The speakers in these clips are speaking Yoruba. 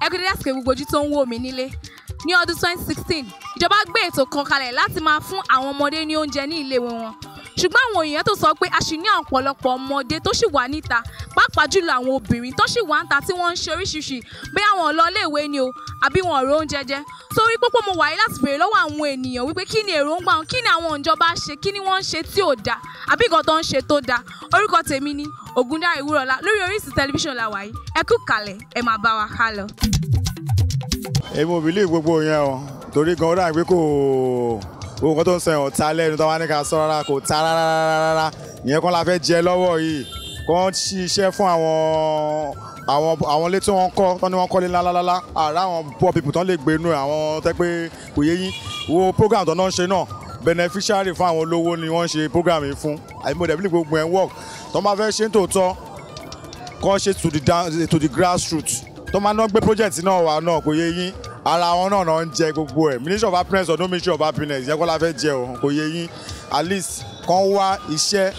ẹ kú dédé àsìkò gbogbo ojú tó ń wò mí nílé ní ọdún 2016 ìjọba gbé ètò kan kalẹ̀ láti máa fún àwọn ọmọdé ní oúnjẹ ní iléèwé wọn ṣùgbọ́n àwọn èèyàn tó sọ pé a ṣì ní ọ̀pọ̀lọpọ̀ ọmọdé tó ṣì wà níta pàápàá jùlọ àwọn obìnrin tó ṣì wà níta tí wọ́n ń ṣe oríṣiríṣi bí àwọn ọ̀lọ́ iléèwé ni o àbí wọn ọ̀rọ̀ oúnjẹ jẹ torí pópó mo wáyé láti béèrè lọ́wọ́ àwọn ènìyàn wípé kí ni èròǹgbà wọn kí ni àwọn ìjọba ṣe kí ni wọ́n ń ṣe tí ò da àbí nǹkan tó ń ṣe tó da orúkọ tèmi ni Ògúndáre Wúrọ̀lá lórí Orísun tẹlifíṣàn la wà yìí ẹ kú kalẹ̀ ẹ máa bá wa ká èmi ò believe gbogbo yẹn o torí gan ó dà pé kò gbogbo nǹkan tó ń sọ yẹn ò ta lẹ́nu tó wá ní ká sọ rárá kò ta rárá rárá ìyẹn kan la fẹ́ jẹ lọ́wọ́ yìí kò ń ṣiṣẹ́ fún àwọn àwọn àwọn ilé tí wọ́n kọ́ tán ni wọ́n kọ́lé lálálálá àrà àwọn poor people tán lè gbé inú àwọn tẹ́ pé kò yé yín wo program tó náà ń ṣe náà beneficiary fún àwọn olówó ni wọ́n ń ṣe program yìí fún àìmọ̀ dẹ̀bí gbogbo ẹ̀ ń work tó máa fẹ́ ṣe ń tòótọ́ kọ́ ṣe to the grassroots tó máa ná gbé project náà wà náà kò yé yín ara wọn náà náà ń jẹ gbogbo ẹ̀ ministry of happiness ọdún ministry of happiness yẹ kó la fẹ́ jẹ o kò yé yín at least kàn wá iṣẹ́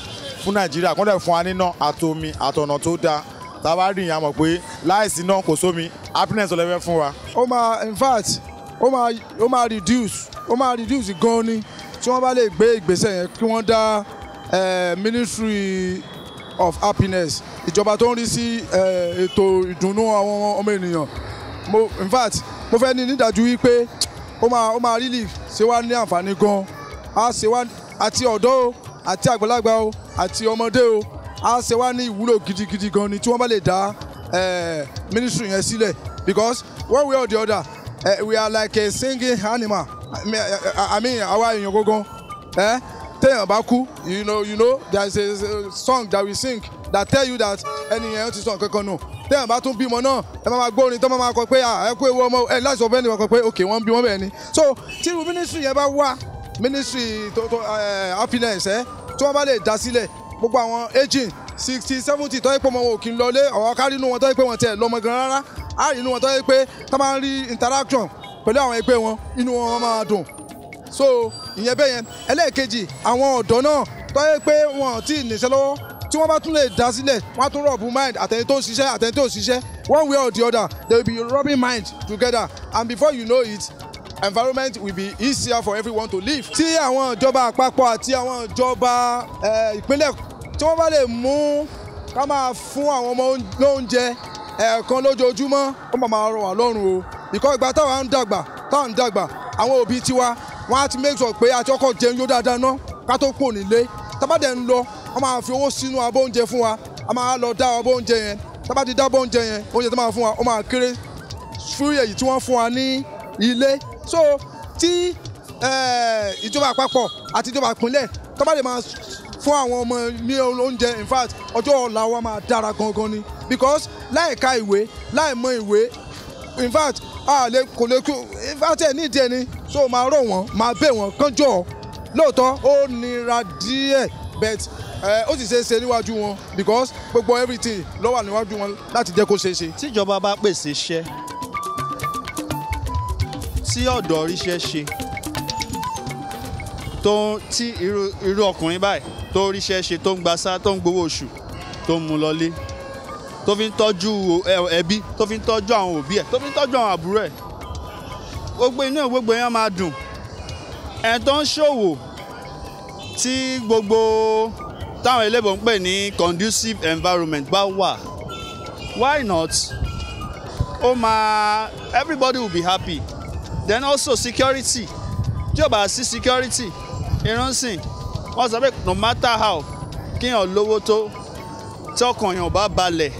fún nàìjíríà kó dẹ̀ fún wa níná àtomi àtọ̀nà tó dáa tàbá rìn yàn mọ̀ pé láìsí náà kò sómi happiness ọlẹ́fẹ́ fún wa. ó máa in fact ó máa ó máa reduce ó máa reduce gan ni tí wọ́n bá lè gbé ìgbésẹ̀ yẹn kí wọ́n dá eh, ministry of happiness ìjọba tó ń rí sí eh, ètò ìdùnnú àwọn ọmọ ènìyàn mo in fact mo fẹ́ ní nídàájú wípé ó máa ó máa really ṣe wá ní àǹfààní gan á ṣe wá àti ọ̀dọ́ o àti àgbàlagbà o àti ọmọdé o á ṣe wá ní ìwúlò gidigidi gan ni tí wọ́n bá lè dá eh, ministry yẹn sílẹ̀ because one way or the other eh, we are like a singing animal I mean àwa èèyàn gangan téèyàn you know you know There's is a song that we sing that tell you that ẹni ti sọ nǹkan nù téèyàn tún bímọ náà ẹ máa gbọ́ orin tó máa kọ pé ẹ kú ewu ọmọ ẹ láti sọ fún ẹni kan pé ok wọ́n ń bímọ bẹ́ẹ̀ ni so tí irú ministry yẹn bá wà ministry to to eh, happiness ẹ eh, tí wọ́n bá lè dá sílẹ̀ gbogbo àwọn aging sixty seventy tó yẹ pé wọn ò kí n lọlé ọ̀rọ̀ kárí inú wọn tó yẹ wọn tiẹ̀ lọ́mọ gan rárá á inú wọn tó yẹ tá máa ń rí interaction pẹ̀lú àwọn ẹgbẹ́ wọn inú wọn máa dùn so ìyẹn bẹ́ẹ̀ yẹn ẹlẹ́ẹ̀kejì àwọn ọ̀dọ́ náà tó yẹ pé wọn ti níṣẹ́ lọ́wọ́ tí wọ́n bá tún lè dá sílẹ̀ wọ́n á tún rọ̀bù mind àtẹni tó ń ṣiṣẹ́ àtẹni tó ń ṣiṣẹ́ one way or the other they will be rubbing mind together and before you know it environment will be easier for everyone to live. tí àwọn ìjọba àpapọ̀ àti àwọn ìjọba eh, ìpínlẹ̀ tí wọ́n bá lè mú ká máa fún àwọn ọmọ lóúnjẹ ẹ̀ẹ̀kan eh, lójoojúmọ́ ó máa máa rọ̀ wá lọ́rùn o ìkọ́ ìgbà táwa ń dàgbà táwa ń dàgbà àwọn òbí tiwa wọ́n á ti make sure pé àti ọkọ̀ jẹun yóò dáadáa ná ká tó kò nílé tábàdẹ̀ ń lọ wọ́n máa fi owó sínú abọ́ oúnjẹ fún wa a máa lọ dá abọ́ oúnjẹ yẹn tábà ti dábọ́ oúnjẹ yẹn oúnjẹ tó máa fún wa ó máa kéré fún èyí tí wọ́n fún wa ní ilé so tí eh, ìjọba àpapọ̀ àti ìjọba ìpínlẹ̀ tábà máa fún àwọn ọmọ ní oúnjẹ in fact ọjọ́ ọ̀la wa máa dára gangan ni because láìka ìwé láì mọ ìwé in fact a lè kò lè kú in fact ẹ̀ ní ìdí ẹni so máa rọ̀ wọ́n máa bẹ̀ wọ́n kánjọ́ lóòótọ́ ó nira díẹ̀ but ó sì ṣeé ṣe níwájú wọn because gbogbo everything ló wà níwájú wọn láti jẹ́ kó ṣeé ṣe. tíjọba bá pèsè iṣẹ́ tí ọ̀dọ́ ríṣẹ́ ṣe tó tí irú ọkùnrin báyìí tó ríṣẹ́ ṣe tó ń gbasá tó ń gbowó oṣù tó ń mú lọlé tó fi ń tọ́jú ẹbí tó fi ń tọ́jú àwọn òbí ẹ̀ tó fi ń tọ́jú àwọn àbúrò ẹ̀ gbogbo inú ìgbogbo yẹn máa dùn ẹ̀ tó ń ṣòwò tí gbogbo táwọn eléèbó ń pè ní conducive environment bá wà why not ó máa everybody will be happy then also security tí ò bá sí security ìrúnsìn wọ́n sọ pé no matter how kíyàn lówó tó tí ọkàn yàn bá balẹ̀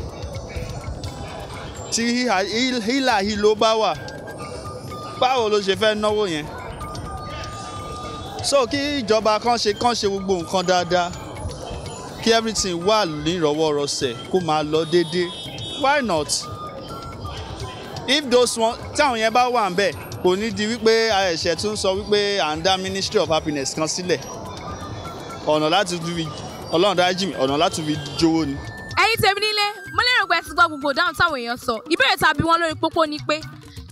tí hílà hílo bá wà báwo ló ṣe fẹ́ náwó yẹn so kí ìjọba kan ṣe kan ṣe gbogbo nǹkan dáadáa kí everything wà nírọ̀wọ́rọsẹ̀ kó máa lọ déédéé why not if those one táwọn yẹn bá wà ń bẹ̀ kò ní di wípé àṣẹ tún sọ wípé à ń dá ministry of happiness kan sílẹ̀ ọ̀nà láti fi ọlọ́run dájú mi ọ̀nà láti fi jówó ni. ẹ̀yin tèmi nílé mo lè gbogbo ẹ ti gbọ́ gbogbo dáhùn táwọn èèyàn sọ ìbéèrè tàbí wọn lórí pópó ni pé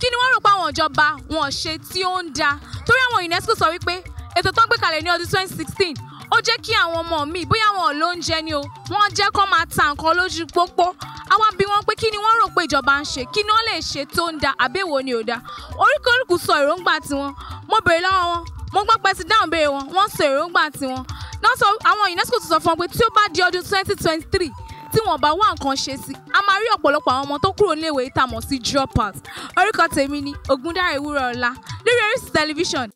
kí ni wọ́n rò pé àwọn ìjọba wọn ṣe tí ó ń da torí àwọn UNESCO sọ wípé ètò tó gbé kalẹ̀ ní ọdún 2016 ó jẹ́ kí àwọn ọmọ mi bóyá wọn ló ń jẹ ni o wọ́n jẹ́ kó máa ta nǹkan lójú pópó àwa bi wọ́n pé kí ni wọ́n rò pé ìjọba ń ṣe kí ni wọ́n lè ṣe tó ń da àbẹ̀wò ni ò da oríkèéríkù sọ èròǹgbà tiwọn mo béèrè lọ́wọ́ wọn mo gbọ́ pé ti dáhùn béèrè wọn wọ́n sọ èròǹgbà tiwọn náà àwọn UNESCO tó sọ fún wọn pé tí ó bá di ọdún 2023 tí wọ́n bá wá nǹkan ṣe sí a máa rí ọ̀pọ̀lọpọ̀ àwọn ọmọ tó kúrò níléèwé tá a mọ̀ sí dropouts orúkọ tèmi ni Ògúndáre Wúrọ̀ọ́lá lórí Orísun tẹlifíṣàn.